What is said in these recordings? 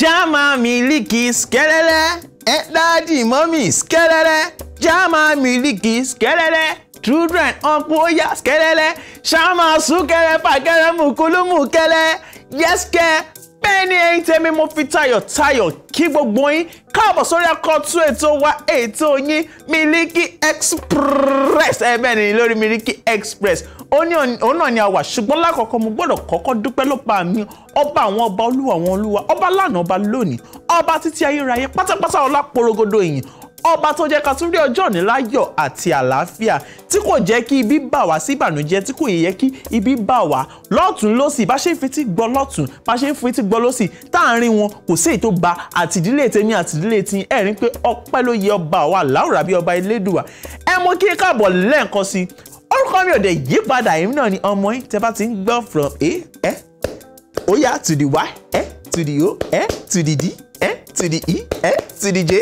jama miliki skẹlẹlẹ ẹ dáàdì mọ́mì skẹlẹlẹ jama miliki skẹlẹlẹ children uncle ya skẹlẹlẹ Shama sukele pàkẹlẹ mùkúlùmù kẹlẹ yẹsikẹ bẹ́ẹ̀ ni ẹ̀yin tèmi mo fi tayọ̀tayọ̀ kí gbogbo yín káàbọ̀ sórí akọ́tún ètò wa ètò yín miliki express ẹ bẹ́ẹ̀ ni lórí miliki express òun náà ni a wà ṣùgbọ́n lákọ̀ọ́kọ́ mo gbọ́dọ̀ kọ́kọ́ dúpẹ́ lọ́ba mi ọba àwọn ọba olúwa àwọn olúwa ọba lánàá ọba lónìí ọba títí ayérayé pátápátá ọlá porogodo ìyìn ọba tó jẹ́ ká tún rí ọjọ́ òní láyọ̀ àti àlàáfíà tí kò jẹ́ kí ibi bà wá sí ìbànújẹ́ tí kò yẹ kí ibi bà wá lọ́tún lọ́sì bá ṣe ń fetí gbọ́ lọ́tún bá ṣe ń fetí gbọ́ lọ́sì táàrin wọn kò sí èyí ba àtìdílé tèmi àtìdílé tí ẹ̀rín pé ọpẹ́ ló yẹ ọba wa láwùrà bí ọba elédùà ẹ mọ kí káàbọ̀ lẹ́ẹ̀kan sí orúkọ mi ò dẹ̀ yí padà èmi náà ni ọmọ yín tẹ bá ti ń gbọ́ from a ẹ Oya to the y ẹ to the o ẹ to the d ẹ to the e ẹ to the j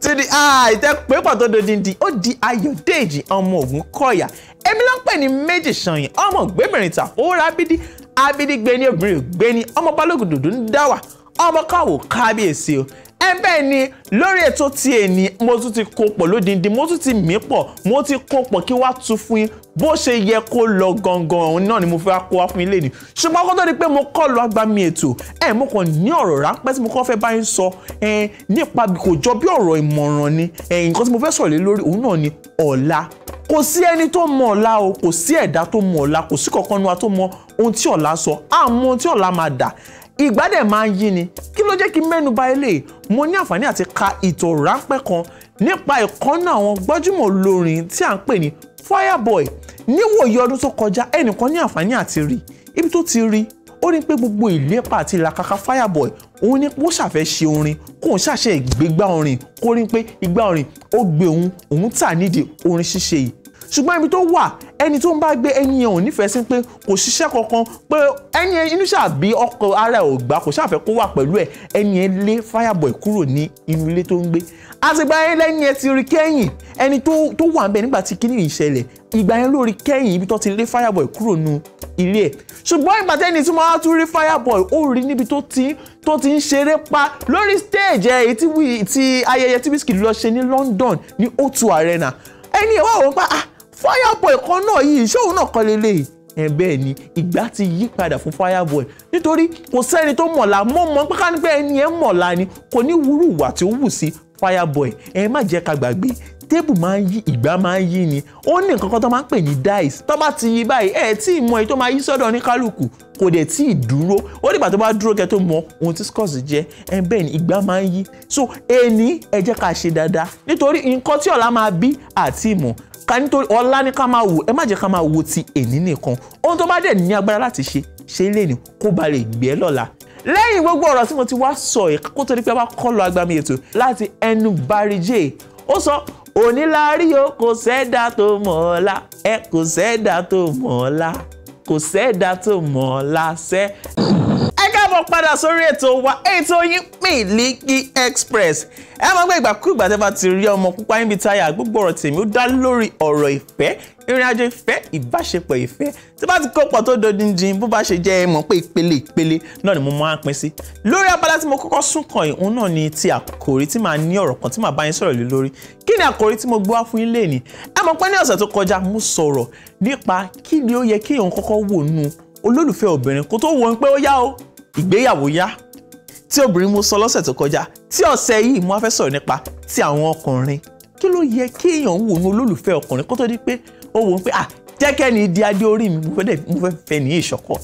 to the i tẹ pé pàtó dodindi ó di Ayọ̀dèjì ọmọ Ògúnkọ̀yà èmi ló ń pè ní méjì ṣànyìn ọmọ ògbébìnrin ta ó rábídí abídí gbé ní obìnrin ògbé ní ọmọ balógun dòdò ń dá wà ọmọ káwò kábíyèsí o ẹ bẹ́ẹ̀ ni lórí ètò ti èní mo tún ti kó pọ̀ lódindi mo tún ti mí pọ̀ mo ti kó pọ̀ kí wá tu fún yín bó ṣe yẹ kó lọ gangan òun náà ni mo fẹ́ kó wá fún yín lénìí ṣùgbọ́n kó tó di pé mo kọ́ lọ agbami ètò ẹ mo kàn ní ọ̀rọ̀ ráńpẹ́ tí mo kàn fẹ́ bá yín sọ nípa kò jọ bí ọ̀rọ̀ ìmọ̀ràn ni nǹkan tí mo fẹ́ sọ̀rọ̀ lé lórí òun náà ni ọ̀la kò sí ẹni tó mọ ọ̀la o kò sí ẹ̀dá tó mọ ọ̀la kò sí kankan nu wa tó mọ ohun tí ọ̀la sọ àmọ́ ohun tí ọ̀la máa dà ìgbà dẹ̀ máa ń yí ni kí ló jẹ́ kí mẹ́nu bà eléyìí mo ní àǹfààní àti ka ìtàn ráńpẹ́ kan nípa ìkọ́nà àwọn gbajúmọ̀ olórin tí à ń pè ní Fireboy níwòye ọdún tó kọjá ẹnìkan ní àǹfààní àti rí ibi tó ti rí ó ní pé gbogbo ìlépa àti ìlàkàkà Fireboy òun ní ó ṣàfẹ́ ṣe orin kóun ṣàṣẹ ìgbégbá orin kó rí pé igbá orin ó gbé òun òun tà nídìí orin ṣíṣe yìí ṣùgbọ́n ibi tó wà ẹni tó ń bá gbé ẹni yẹn ò nífẹ̀ẹ́ sí pé kò ṣiṣẹ́ kankan pé ẹni yẹn inú ṣàbí ọkọ̀ ara ẹ̀ ò gbà kò ṣàfẹ́ kó wà pẹ̀lú ẹ̀ ẹni yẹn lé fireboy kúrò ní inú ilé tó ń gbé àtìgbà yẹn lẹ́ni yẹn ti rí kẹ́yìn ẹni tó wà ń bẹ̀ nígbà tí kíní ìṣẹ̀lẹ̀ ìgbà yẹn ló rí kẹ́yìn ibi tó ti lé fireboy kúrò nù ilé ẹ̀ ṣùgbọ́n ìgbà tẹ́ni tí wọ́n á tún rí fireboy ó rí níbi tó ti tó ti ń ṣeré pa lórí stage ẹ̀ ti ayẹyẹ tí Wizkid lọ ṣe ní London ní O2 Arena ẹni ìwà òun pa ah fireboy kan náà yìí ṣóun náà kọ́ lélẹ́yìí ẹ bẹ́ẹ̀ ni ìgbà ti yí padà fún fireboy nítorí kò sẹ́ni tó mọ̀la mọ́ mọ́ pé ká ní pé ẹni ẹ mọ̀la ni kò ní wúrú ìwà tí ó wù sí fireboy ẹ má jẹ́ ká gbàgbé tébù máa ń yí ìgbà máa ń yí ni ó ní nǹkan kan tó máa ń pè ní dice tó bá ti yí báyìí ẹ tí ì mọ èyí tó máa yí sọ́dọ̀ oníkálukú kò dẹ̀ tí ì dúró ó dìgbà tó bá dúró kẹ́ tó mọ ohun tí scores jẹ́ ẹ bẹ́ẹ̀ ni ìgbà máa ń yí so ẹni ẹ jẹ́ ká ṣe dáadáa nítorí nǹkan tí ọ̀la máa bí àti ìmọ̀ ká nítorí ọ̀la ni ká máa wò ẹ má jẹ́ ká máa wo ti èní nìkan ohun tó bá dẹ̀ ní agbára láti ṣe ṣe é léni kó ba lè gbé ẹ e lọ́la lẹ́yìn gbogbo ọ̀rọ̀ tí mo ti wá sọ ẹ̀ kó tó di pé a bá kọ́ lọ agbami ètò láti ẹnu Barry J ó sọ òní la rí o kò sẹ́dá tó mọ̀ ọ́ la ẹ kò sẹ́dá tó mọ̀ ọ́ la kò sẹ́dá tó mọ̀ ọ́ la sẹ́ káàbọ̀ padà sórí ètò wa ètò yín Miliki Express ẹ máa gbé ìgbàkúgbà tẹ́ bá ti rí ọmọ pupa níbi táyà gbogbo ọ̀rọ̀ tèmi ó dá lórí ọ̀rọ̀ ìfẹ́ ìrìn àjò ìfẹ́ ìbáṣepọ̀ ìfẹ́ tí bá ti kópọ̀ tó dodindin bó bá ṣe jẹ́ ẹ mọ̀ pé ìpele ìpele náà ni mo máa ń pín sí. lórí abala tí mo kọ́kọ́ sún kan ìhun náà ni ti àkòrí tí màá ní ọ̀rọ̀ kan tí màá bá yín sọ̀rọ̀ lé lórí kí ni àkòrí tí mo gbé wá fún yín lé ní. ẹ mọ̀ pé ní ọ̀sẹ̀ tó kọjá mo sọ̀rọ̀ nípa kí ni ó yẹ kí òun kọ́kọ́ wò nù olólùfẹ́ obìnrin kó tó wọ́n pé ó yá o ìgbéyàwó yá tí obìnrin mo sọ lọ́sẹ̀ tó kọjá tí ọ̀sẹ̀ yìí mo fẹ́ sọ̀rọ̀ nípa ti àwọn ọkùnrin kí ló yẹ kí èèyàn wò ní olólùfẹ́ ọkùnrin kó tó di pé ó wò ó pé à jẹ́kẹ́ ni di adé orí mi mo fẹ́ fẹ́ ní ìṣọ̀kọ̀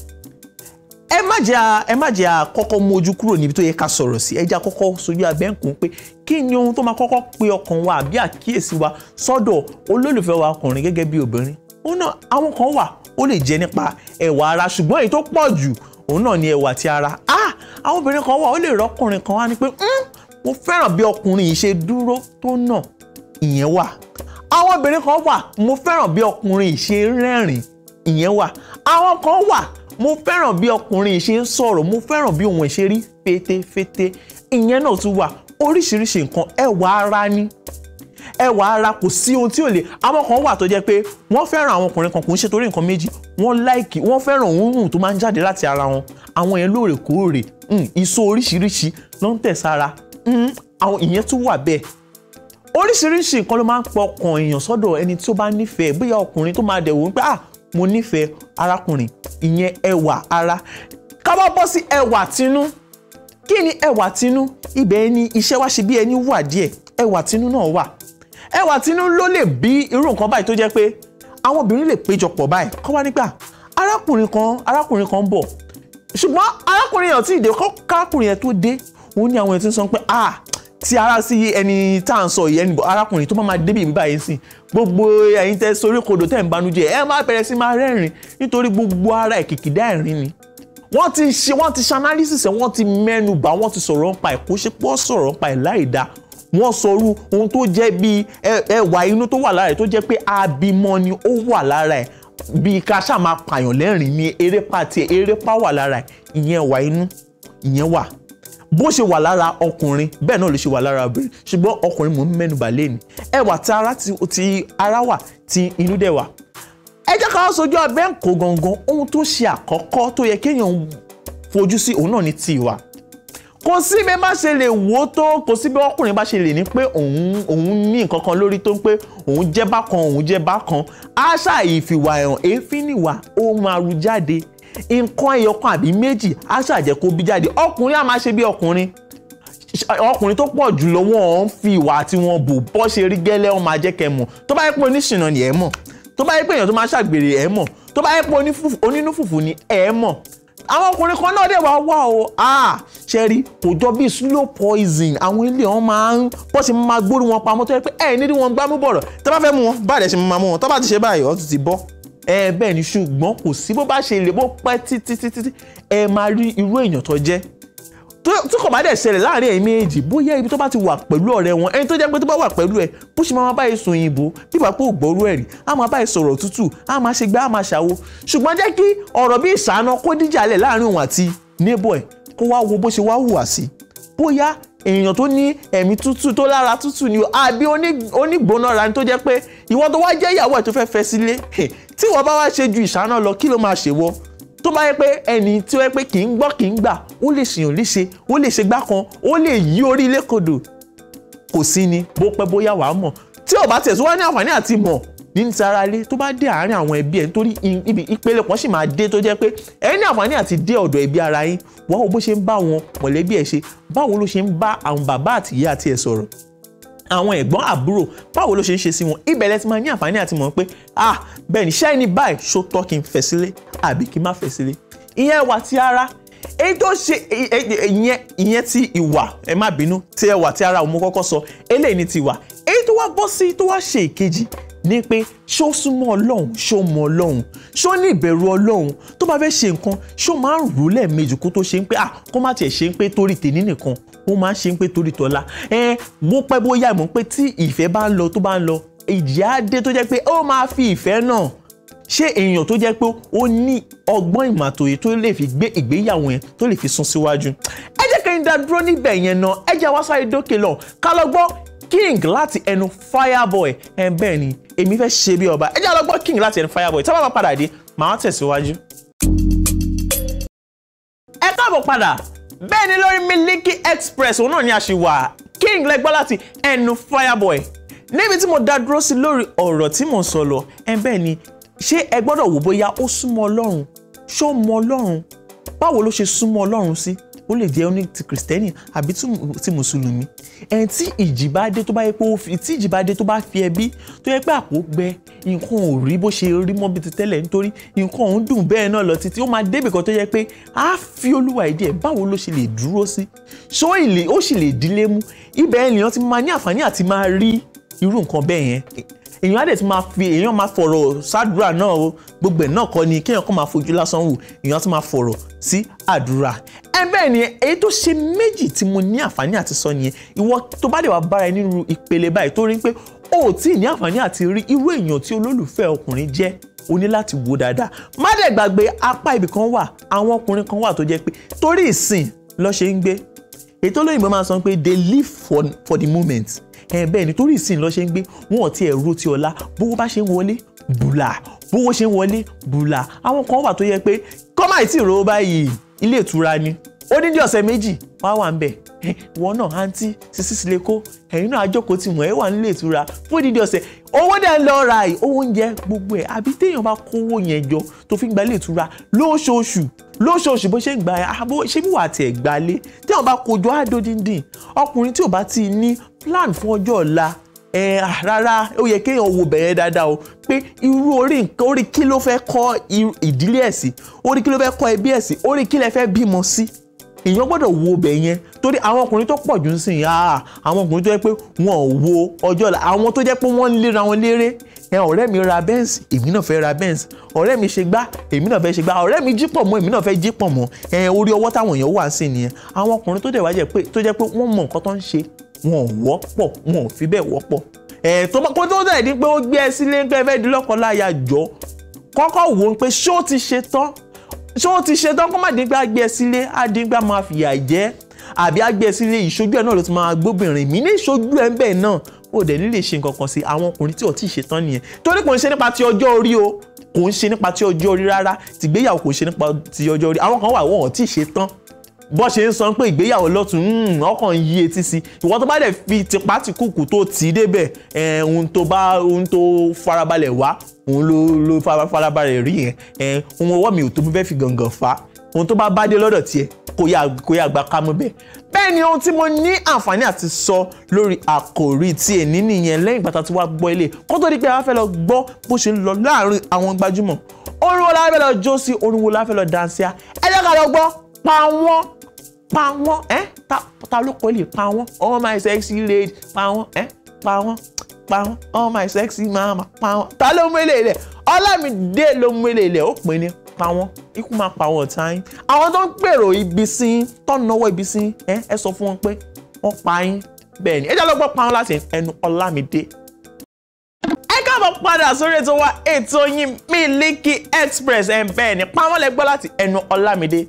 ẹ má jẹ́ ẹ má jẹ́ àkọ́kọ́ mójú kúrò níbi tó yẹ ká sọ̀rọ̀ sí ẹ jẹ́ àkọ́kọ́ sojú abẹ́ǹkùn pé kí ni ohun tó máa kọ́kọ́ pe ọkàn wa àbí àkíyèsí wa sọ́dọ̀ olólùfẹ́ wa ọkùnrin gẹ́gẹ́ bí obìnrin òun náà àwọn kan wà ó lè jẹ́ nípa ẹ̀wà ara ṣùgbọ́n èyí tó pọ̀ jù òun náà ni ẹwà ti ara ah àwọn obìnrin kan wà ó lè rọkùnrin kan wá ní pé hmm, mo fẹ́ràn bí ọkùnrin yìí ṣe dúró tó nà ìyẹn wà àwọn obìnrin kan wà mo fẹ́ràn bí ọkùnrin yìí ṣe rẹ́rìn ìyẹn wà àwọn kan wà mo fẹ́ràn bí ọkùnrin yìí ṣe ń sọ̀rọ̀ mo fẹ́ràn bí òun ṣe rí fetefete ìyẹn náà tún wà oríṣiríṣi nǹkan ẹwà ara ni ẹwà ara kò sí ohun tí ò lè àwọn kan wà tó jẹ́ pé wọ́n fẹ́ràn àwọn ọkùnrin kan kò ń ṣe torí nǹkan méjì wọ́n láìkì wọ́n fẹ́ràn òórùn tó máa ń jáde láti ara wọn àwọn yẹn lóòrèkóòrè hmm, ìso oríṣiríṣi ló ń tẹ̀sára hmm, àwọn ìyẹn tún wà bẹ́ẹ̀ oríṣiríṣi nǹkan ló máa ń pọkàn èèyàn sọ́dọ̀ ẹni tí bá nífẹ̀ẹ́ bóyá ọkùnrin tó máa dẹ̀wò pé ah mo nífẹ̀ẹ́ arákùnrin ìyẹn ẹwà ara ká bá bọ́ sí ẹwà tinú kí ni ẹwà tinú ibẹ̀ ni iṣẹ́ wá ṣe bí ẹni wà díẹ̀ ẹwà tinú náà wà ẹwà tinú ló lè bí irú nǹkan báyìí tó jẹ́ pé àwọn obìnrin lè péjọpọ̀ báyìí kọ́ wá nígbà arákùnrin kan arákùnrin kan bọ̀ ṣùgbọ́n arákùnrin yẹn ò tí ì dé kọ́ kárákùnrin yẹn tó dé òun ni àwọn yẹn ti ń sọ pé ah tí ara sí ẹni tá à ń sọ yìí ẹni arákùnrin tó máa máa débi báyìí sí gbogbo ẹ̀yin tẹ́ sorí kodò tẹ́ ń banújẹ́ ẹ máa bẹ̀rẹ̀ sí máa rẹ́rìn nítorí gbogbo ara ìkìkìdá ẹ̀rín ni wọ́n ti ṣe wọ́n ti ṣe analysis ẹ̀ wọ́n ti mẹ́nu bà wọ́n ti sọ̀rọ̀ ńpa ẹ̀ kó ṣe pọ́ sọ̀rọ̀ ńpa ẹ̀ láì wọ́n sọrú ohun tó jẹ́ bíi ẹwà inú tó wà lára ẹ̀ tó jẹ́ pé abímọ ni ó wà lára ẹ̀ bíi ká ṣáà máa pààyàn lẹ́rìn ní erépa tiẹ̀ erépa wà lára ẹ̀ ìyẹn ẹwà inú ìyẹn wà bó ṣe wà lára ọkùnrin bẹ́ẹ̀ náà ló ṣe wà lára obìnrin ṣùgbọ́n ọkùnrin mò ń mẹ́nubà lẹ́nu ẹwà ti ara ti ara wà ti inú dẹ̀ wà ẹ jẹ́ ká wá sojú abẹ́ ń kó gangan ohun tó ṣe àkọ́kọ́ tó yẹ kéèyàn fojú sí òun náà ni ti ìwà kò sí bí bá ṣe lè wò ó tó kò sí bí ọkùnrin bá ṣe lè ní pé òun òun ní nǹkan kan lórí tó ń pé òun jẹ́ bákan òun jẹ́ bákan àṣà ìfìwà ẹ̀hàn èéfín nìwà ó máa ru jáde nǹkan ẹyọkan àbí méjì àṣà jẹ́ kó bí jáde ọkùnrin á máa ṣe bí ọkùnrin ọkùnrin tó pọ̀ jù lọ wọ́n ń fi ìwà tí wọ́n bò bọ́ ṣe rí gẹ́lẹ́ wọn máa jẹ́ kẹ́ mọ̀ tó bá yẹ pé oníṣìnà ni ẹ mọ̀ tó bá yẹ pé èèyàn tó máa ṣàgbèrè ẹ mọ̀ tó bá yẹ pé onínú ni ẹ mọ̀ àwọn ọkùnrin kan náà dẹ̀ wá wá o ah, ṣe rí kò jọ bíi slow poison àwọn ilé wọn máa ń bọ́ sí máa gbórí wọn pamọ́ tó yẹ pé ẹ̀ nídìí wọn gbámú bọ̀rọ̀ tẹ́ bá fẹ́ mú wọn báyìí ẹ̀ ṣe máa mú wọn tọ́ bá ti ṣe báyìí ọ̀ ti bọ́ ẹ bẹ́ẹ̀ ni ṣùgbọ́n kò sí bó bá ṣe lè bó pẹ́ títí títí ẹ máa rí irú èèyàn tó jẹ́ tí kò bá dẹ̀ ṣẹlẹ̀ láàrin ẹ̀yin méjì bóyá ibi tó bá ti wà pẹ̀lú ọ̀rẹ́ wọn ẹni tó jẹ́ pé tó bá wà pẹ̀lú ẹ̀ bó ṣe máa bá ẹ sùn yìnbó bíbá pé ò gbọ́rú ẹ̀rí á máa bá ẹ sọ̀rọ̀ tútù á máa ṣe gbá á máa ṣàwo ṣùgbọ́n jẹ́ kí ọ̀rọ̀ bí ìṣáná kó díjàlẹ̀ láàrin òun àti neighbor ẹ̀ kó wá wo bó ṣe wá hùwà sí bóyá èèyàn tó ní ẹ̀mí tútù tó lára tútù ni àbí onígbónára ni tó jẹ́ pé ìwọ tó wá jẹ́ ìyàwó ẹ̀ tó fẹ́ fẹ́ sílé tí wọ́n bá wá ṣe ju ìṣáná lọ kí ló máa ṣèwọ́ tó bá yẹ pé ẹni tí ó yẹ pé kì í gbọ́ kì í gbà ó lè ṣèyàn léṣe ó lè ṣe gbá kan ó lè yí orí ilé kodò kò sí ni bó pẹ́ bóyá wàá mọ̀ tí ò bá tẹ̀síwá ní àǹfààní àti mọ̀ ní tara ilé tó bá dé àárín àwọn ẹbí ẹ nítorí ibi ìpele kan sì máa dé tó jẹ́ pé ẹ ní àǹfààní àti dé ọ̀dọ̀ ẹbí ara yín wọ́n wo bó ṣe ń bá àwọn mọ̀lẹ́bí ẹ ṣe báwo ló ṣe ń bá àwọn bàbá àtìyá àti ẹ sọ̀rọ̀ àwọn ẹ̀gbọ́n àbúrò báwo ló ṣe ń ṣe sí wọn ibẹ̀ lẹ ti máa ní àǹfààní àti mọ̀ pé ah bẹ́ẹ̀ ni ṣẹ́ ẹni báyìí ṣó tọ́ kí n fẹ̀ sílé àbí kí n má fẹ̀ sílé ìyẹn ìwà ti ara èyí tó ṣe ìyẹn ìyẹn ti ìwà ẹ má bínú ti ẹwà ti ara òun kọ́kọ́ sọ eléyìí ni ti ìwà èyí tó wá bọ́ sí tó wá ṣe ìkejì ní pé ṣó súnmọ́ ọlọ́run ṣó mọ ọlọ́run ṣó ní ìbẹ̀rù ọlọ́run tó bá fẹ́ ṣe nǹkan ṣó máa ń rò lẹ́ẹ̀mejì kó tó ṣe ń pé ah kó má tiẹ̀ ṣe ń pé torí tèmi nìkan mo máa ń ṣe ń pé torí tọ́lá ẹ bó pẹ́ bóyá mọ̀ pé tí ìfẹ́ bá ń lọ tó bá ń lọ ìjì á dé tó jẹ́ pé ó máa fi ìfẹ́ náà ṣé èèyàn tó jẹ́ pé ó ní ọgbọ́n ìmàtòyè tó lè fi gbé ìgbéyàwó yẹn tó lè fi sún síwájú ẹ jẹ́ kí n dá dúró níbẹ̀ yẹn náà ẹ jẹ́ wá sáré dókè lọ ká lọ gbọ́ king láti ẹnu fireboy ẹ bẹ́ẹ̀ ni èmi fẹ́ ṣe bí ọba ẹ jẹ́ lọ gbọ́ king láti ẹnu fireboy tí wọ́n bá padà dé màá tẹ̀síwájú. ẹ káàbọ̀ padà bẹ́ẹ̀ ni lórí Miliki Express òun náà ni a ṣì wà King lẹ́gbọ́n láti ẹnu Fireboy níbi tí mo dá dúró sí lórí ọ̀rọ̀ tí mo sọ lọ ẹ bẹ́ẹ̀ ni ṣé ẹ gbọ́dọ̀ wò bóyá ó súnmọ́ Ọlọ́run ṣó mọ Ọlọ́run báwo ló ṣe súnmọ́ Ọlọ́run sí O lè jẹ́ oní ti kìrìsìtẹ́nì àbí ti mùsùlùmí ẹni tí ìjì bá dé tó bá yẹ pé ó fi tí ìjì bá dé tó bá fi ẹbí tó yẹ pé àpò gbẹ nǹkan ò rí bó ṣe rí mọ́ bí ti tẹ́lẹ̀ nítorí nǹkan òun dùn bẹ́ẹ̀ náà lọ títí ó máa débì kan tó yẹ pé á fi olúwa ìdí ẹ̀ báwo ló ṣe lè dúró sí ṣó ó sì lè dílé mú ibẹ̀ ènìyàn ti máa ní àǹfààní àti máa rí irú nǹkan bẹ́ẹ̀ yẹn èèyàn á dẹ̀ ti máa fi èèyàn máa fọ̀rọ̀ sádùúrà náà o gbogbo ẹ̀ náà kọ́ ni kéèyàn kàn máa fojú lásán wò èèyàn á ti máa fọ̀rọ̀ sí àdúrà ẹ bẹ́ẹ̀ ni èyí tó ṣe méjì tí mo ní àǹfààní àti sọ nìyẹn ìwọ tó bá dẹ̀ wá bára ẹ nínú ìpele báyìí tó rí pé o ò tí ì ní àǹfààní àti rí irú èèyàn tí olólùfẹ́ ọkùnrin jẹ́ o ní láti wò dáadáa má dẹ̀ gbàgbé apá ibì kan wà àwọn ọkùnrin kan wà tó jẹ́ pé torí ìsìn ló ṣe ń gbé ètò olóyìnbó máa sọ pé they live for, for the moment ẹ bẹ́ẹ̀ ni torí ìsìn lọ ṣe ń gbé wọn ò tiẹ̀ ro ti ọ̀la bówó bá ṣe ń wọlé bùlà bówó ṣe ń wọlé bùlà àwọn kan wà tó yẹ pé kọ́mà ìtì ìró báyìí ilé ìtura ni ó ní ní ọ̀sẹ̀ méjì wá wà ń bẹ̀ wọn náà àǹtí sisi sileko ẹ̀yin náà àjọkò tí mọ̀ ẹ́ wà nílé ìtura fún ìdíje ọ̀sẹ̀ owó dẹ̀ ń lọ ra ẹ̀ owó oúnjẹ gbogbo ẹ̀ àbí téèyàn bá kówó yẹn jọ tó fi ń gba ilé ìtura lóṣooṣù lóṣooṣù bó ṣe ń gba ẹ̀ àbó ṣé bí wà á tiẹ̀ gbalé téèyàn bá kojọ́ àdódíndín ọkùnrin tí ò bá ti ní plan fún ọjọ́ ọ̀la ẹ rárá ó yẹ kéèyàn wo bẹ̀rẹ̀ dáadáa o pé irú orí nǹkan orí kí ló fẹ́ kọ́ ìdílé ẹ̀ sí orí kí ló fẹ́ kọ́ ẹbí ẹ̀ sí orí kí lẹ fẹ́ bímọ sí èèyàn gbọ́dọ̀ wo bẹ̀ yẹn torí àwọn ọkùnrin tó pọ̀ jù ń sìn yá àwọn ọkùnrin tó jẹ́ pé wọn ò wo ọjọ́ ọ̀la àwọn tó jẹ́ pé wọ́n léra wọn léré ẹ ọ̀rẹ́ mi ra Benz èmi náà fẹ́ ra Benz ọ̀rẹ́ mi ṣe gbá èmi náà fẹ́ ṣe gbá ọ̀rẹ́ mi jí pọ̀ mọ́ èmi náà fẹ́ jí pọ̀ mọ́ ẹ orí ọwọ́ táwọn èèyàn wà ń sìn nìyẹn àwọn ọkùnrin tó dẹ̀ wá jẹ́ pé wọ́n mọ nǹkan tó ń ṣe wọn ò wọ́pọ̀ wọn ò fi bẹ́ẹ̀ wọ́pọ̀ ẹ̀ tó bá kó tó dẹ̀ di pé ó gbé ẹ sílé pé ẹ fẹ́ di lọ́kọ láya jọ kọ́kọ́ wò ó pé ṣé ó ti ṣe tán ṣé ó ti ṣe tán kó má dín pé á gbé ẹ sílé á dín pé á máa fìyà jẹ àbí á gbé ẹ sílé ìṣojú ẹ náà ló ti máa gbóbìnrin mi ní ìṣojú ẹ ń bẹ̀ náà ó dẹ̀ nílé ṣe nǹkan kan sí àwọn ọkùnrin tí ò tí ì ṣe tán nìyẹn torí kò ń ṣe nípa ti ọjọ́ orí o kò ń ṣe nípa ti ọjọ́ orí rárá tìgbéyàwó kò ń ṣe nípa ti ọjọ́ orí àwọn kan wà wọ́n ò tí ì ṣe tán bó ṣe ń sọ pé ìgbéyàwó lọ́tún hmm, ọkàn yí etí sí ìwọ́n tó bá dẹ̀ fi tipátikùkù tó tì í débẹ̀ eh, ohun tó bá ohun tó farabalẹ̀ wá òun ló ló farabalẹ̀ rí yẹn eh, ohun ọwọ́ mi ò tó fẹ́ fi gàngàn fà á ohun tó bá bá dé lọ́dọ̀ tiẹ̀ kò yá kò yá gba kámú bẹ́ẹ̀. bẹ́ẹ̀ ni ohun tí mo ní àǹfààní àti sọ lórí àkòrí tí èní nìyẹn lẹ́yìn pátá tí wá gbọ́ ilé kó tó di pé a fẹ́ lọ gbọ́ bó ṣe ń lọ láàrin àwọn gbajúmọ̀ orin wo la fẹ́ lọ jó sí orin wo la fẹ́ lọ dáńsíá ẹ jẹ́ ká lọ gbọ́ pa wọ́n pa wọ́n ẹ́ ta ló kọ́ lè pa wọ́n all my sexy lady pa wọ́n ẹ́ pa wọ́n pa wọ́n all my sexy mama pa wọ́n ta ló mú eléyìí lẹ̀ Ọlámídé ló mú eléyìí lẹ̀ ó pè ní pa wọ́n ikú máa pa wọ́n ọ̀tá yín àwọn tó ń gbèrò ibi sí tọ́nàwọ́ ibi sí ẹ sọ fún wọn pé wọ́n pa yín bẹ́ẹ̀ ni ẹ jẹ́ lọ́gbọ́n pa wọ́n láti ẹnu Ọlámídé káàbọ̀ padà sórí ètò wa ètò yín Miliki Express ẹ̀ bẹ́ẹ̀ ni pamọ́ lẹ gbọ́ láti ẹnu Ọlámídé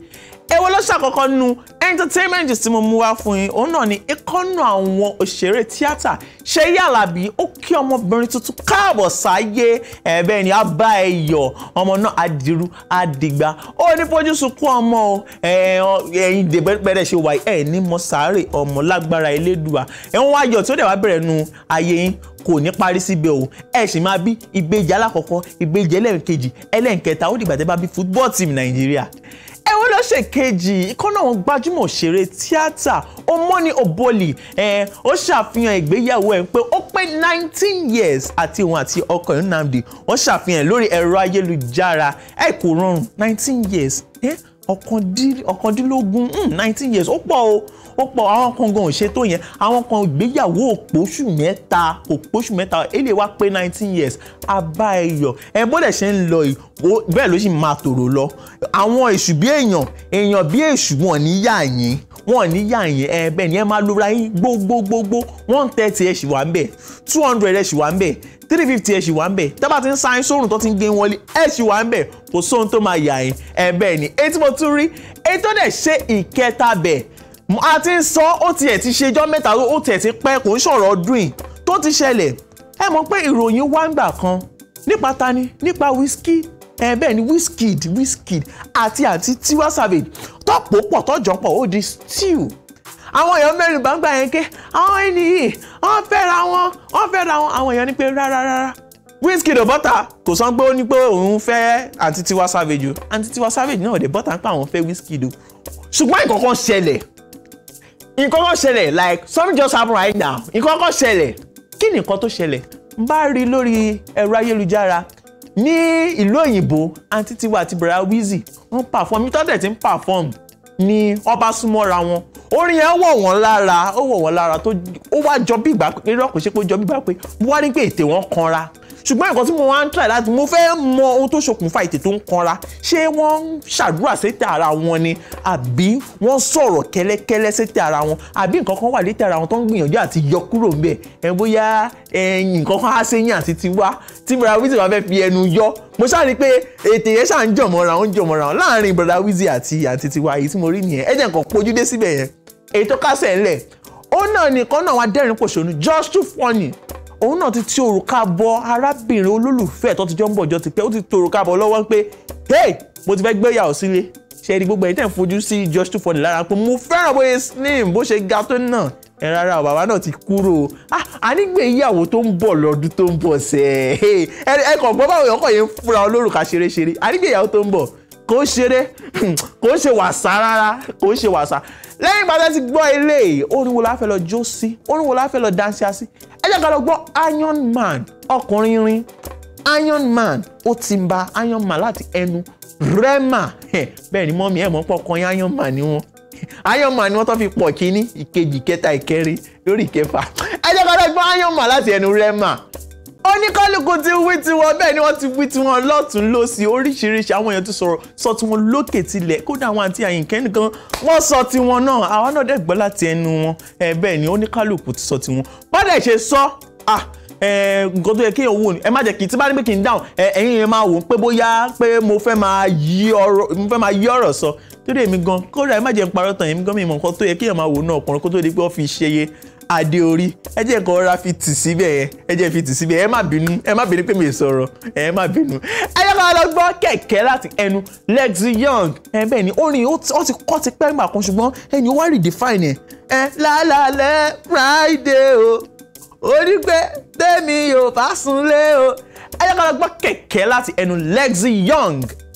èwo ló ṣàkọ́kọ́ nu entertainment tí mo mú wá fún yín òun náà ni ìkọ́nù àwọn òṣèré tíátà Ṣèyí Àlàbí ó kí ọmọbìnrin tuntun káàbọ̀ sáyé ẹ̀bẹ́ ni a bá ẹ yọ̀ ọmọ náà adìrú adìgbà ó ní fojú sunkún ọmọ o ẹ̀yin dèbẹ́dẹ́ ṣe wà ẹ̀ ní mọ́sàárè ọmọ lágbára elédùà ẹ̀wọ̀n ayọ̀ tó dẹ̀ wá bẹ̀rẹ̀ nu ayé yín kò ní parí síbẹ̀ o ẹ sì máa bí ìbejì alákọ̀ọ́kọ́ ìbejì ẹlẹ́ẹ̀kejì ẹlẹ́ẹ̀kẹta ó dìgbà tẹ́ bá bí football team nàìjíríà ẹ wọ́n lọ ṣe kejì ikọ́ náà wọn gbajúmọ̀ òṣèré tíátà Omoni Oboli ẹ ó ṣàfihàn ìgbéyàwó ẹ̀ pé ó pé nineteen years àti òun àti ọkọ ẹ̀ Nnamdi wọ́n ṣàfihàn lórí ẹ̀rọ ayélujára ẹ̀ kò rọrùn nineteen years ọ̀kàndínlógún hmm, nineteen years ó pọ̀ o ó pọ̀ àwọn kan gan ò ṣe tó yẹn àwọn kan ìgbéyàwó òpóṣù mẹ́ta òpóṣù mẹ́ta èlé wa pé nineteen years abá ẹ yọ ẹ bọ́dẹ̀ ṣe ń lọ bẹ́ẹ̀ ló sì máa tòrò lọ àwọn èṣù bí èèyàn èèyàn bí èṣù wọn ní yà yín wọn ní yà yín ẹ bẹ́ẹ̀ ni ẹ máa lura yín gbogbogbogbo one thirty ẹ ṣì wà ń bẹ̀ two hundred ẹ ṣì wà ń bẹ̀ three fifty ẹ ṣì wà ń bẹ̀ tẹ́ bá ti ń sáyín sórùn tó ti ń gbé wọlé ẹ ṣì wà ń bẹ̀ kò sóhun tó máa yà yín ẹ bẹ́ẹ̀ ni èyí tún rí èyí dẹ̀ ṣe ìkẹta bẹ̀ a ti ń sọ ó tiẹ̀ ti ṣe ijọ́ mẹ́ta ó tiẹ̀ ti pẹ́ kò ń sọ̀rọ̀ ọdún tó ti ṣẹlẹ̀ ẹ mọ̀ pé ìròyìn wá ń gbà kan nípa tani nípa Wizkid ẹ bẹ́ẹ̀ ni Wizkid Wizkid àti àti Tiwa Savage tọ́pọ̀ pọ̀ tọ́jọ́ pọ̀ ó di stew àwọn èèyàn mẹ́rin bá ń gbà yẹn ké àwọn ẹni wọ́n fẹ́ra wọn wọ́n fẹ́ra wọn àwọn èèyàn ní pé rárá rárá Wizkid ò bọ́ta kò sọ pé ó ní pé òun fẹ́ àti Tiwa Savage o àti Tiwa Savage náà dé bọ́ta ń pa àwọn fẹ́ Wizkid o ṣùgbọ́n ìkọ̀kan ṣẹlẹ̀ nǹkan kan ṣẹlẹ̀ like something just happen right now nǹkan kan ṣẹlẹ̀ kí ni nǹkan tó ṣẹlẹ̀ n bá rí lórí ẹ̀rọ ayélujára ní ìlú òyìnbó àǹtí tiwa àti bẹ̀rẹ̀ wíìzì wọ́n perform ní tọ́tẹ̀ tí ń perform ni wọ́n bá súnmọ́ra wọn orin yẹn wọ̀ wọ́n lára ó wọ̀ wọ́n lára tó ó wá jọ bí ìgbà pé irọ́ kò ṣe pé ó jọ bí ìgbà pé wọ́n rí pé ètè wọn kanra ṣùgbọ́n nǹkan tí mo wá ń try láti mo fẹ́ mọ ohun tó ṣokùnfà ètè tó ń kanra ṣé wọ́n ń ṣàdúrà sétí ara wọn ni àbí wọ́n sọ̀rọ̀ kẹ́lẹ́kẹ́lẹ́ sétí ara wọn àbí nǹkan kan wà létí ara wọn tó ń gbìyànjú àti yọ kúrò ńbẹ̀ ẹ bóyá ẹyìn nǹkan kan á séyìn àti tiwa tí brother Wizzy máa fẹ́ fi ẹnu yọ mo ṣáà rí i pé ètè yẹn ṣáà ń jọ̀mọ́ra ń jọ̀mọ́ra láàrin brother Wizzy àti àti tiwa èyí tí mo rí nìyẹn ẹ jẹ́ nǹkan pojú dé síbẹ̀ yẹn èyí tó kásẹ̀ ńlẹ̀ ó náà nìkan náà wá dẹ́rìn-ín pòṣónú just too funny òun náà ti ti òrùka bọ arábìnrin olólùfẹ́ tó ti jọ ń bọ̀ jọ ti pẹ́ ó ti ti òrùka bọ lọ́wọ́ pé hey mo ti fẹ́ gbé ìyàwó sílé ṣe é di gbogbo ẹ̀yin tẹ̀ ń fojú sí Josh 240 lára pé mo fẹ́ràn bóyá slim bó ṣe ga tó náà ẹ rárá o bàbá náà ti kúrò ah anígbèyàwó tó ń bọ̀ lọ́dún tó ń bọ̀ sẹ́ẹ̀ ẹ kàn gbọ́ báwo ọkọ̀ yẹn ń fúnra olórùka ṣeréṣeré anígbèyàwó tó ń bọ̀ kò ń ṣeré kò ń ṣe wàsá rárá kò ń ṣe wàsá lẹ́yìn ìgbà tẹ́tí gbọ́ eléyìí orin wo la lọ jó sí orin wo la fẹ́ lọ sí ẹ jẹ́ ká lọ gbọ́ Iron Man ọkùnrin rin Iron Man ó ti ń ba Iron Man láti ẹnu Rema bẹ́ẹ̀ ni mọ́mí ẹ̀ mọ́ pọ̀ kan Iron Man ni wọ́n Iron Man ni wọ́n tó fi pọ̀ kíní ìkejì ìkẹta ìkẹrin lórí ìkẹfà ẹ jẹ́ ká lọ gbọ́ Iron Man láti ẹnu Rema oníkálukú ti wí tiwọn bẹ́ẹ̀ ni wọ́n ti wí tiwọn lọ́tún lọ́sì oríṣiríṣi àwọn èèyàn ti sọ̀rọ̀ sọ tiwọn lókè tilẹ̀ kódà àwọn àti àyìnkẹ́ nìkan wọ́n sọ tiwọn náà àwọn náà dẹ̀ gbọ́ láti ẹnu wọn bẹ́ẹ̀ ni oníkálukú ti sọ tiwọn bọ́dẹ̀ ṣe sọ ah nǹkan tó yẹ kéèyàn wò ni ẹ má jẹ́ kí n tí bá ní pé kí n dáhùn ẹ̀yin yẹn máa wò ó pé bóyá pé mo fẹ́ máa yí ọ̀rọ̀ mo fẹ́ máa yí ọ̀rọ̀ sọ torí èmi gan kódà ẹ má jẹ́ parọ́ tàn èmi gan mi mọ̀ nǹkan tó yẹ kéèyàn máa wò náà ọkùnrin kó tó di pé ó fi ṣe adé orí ẹ jẹ́ nǹkan rọra fi tì síbẹ̀ yẹn ẹ jẹ́ fi tì síbẹ̀ ẹ má bínú ẹ má bínú pé mi sọ̀rọ̀ ẹ má bínú. ẹ jẹ́ ká lọ gbọ́ kẹ̀kẹ́ láti ẹnu Lexi Young ẹ bẹ́ẹ̀ ni orin ó ti kọ́ ti pẹ́ ńgbà kan ṣùgbọ́n ẹni wá redefine ẹ ẹ lálàálẹ̀ Friday o onígbẹ́ tẹ́mi yóò fásúnlé o ẹ jẹ́ ká lọ gbọ́ kẹ̀kẹ́ láti ẹnu Lexi Young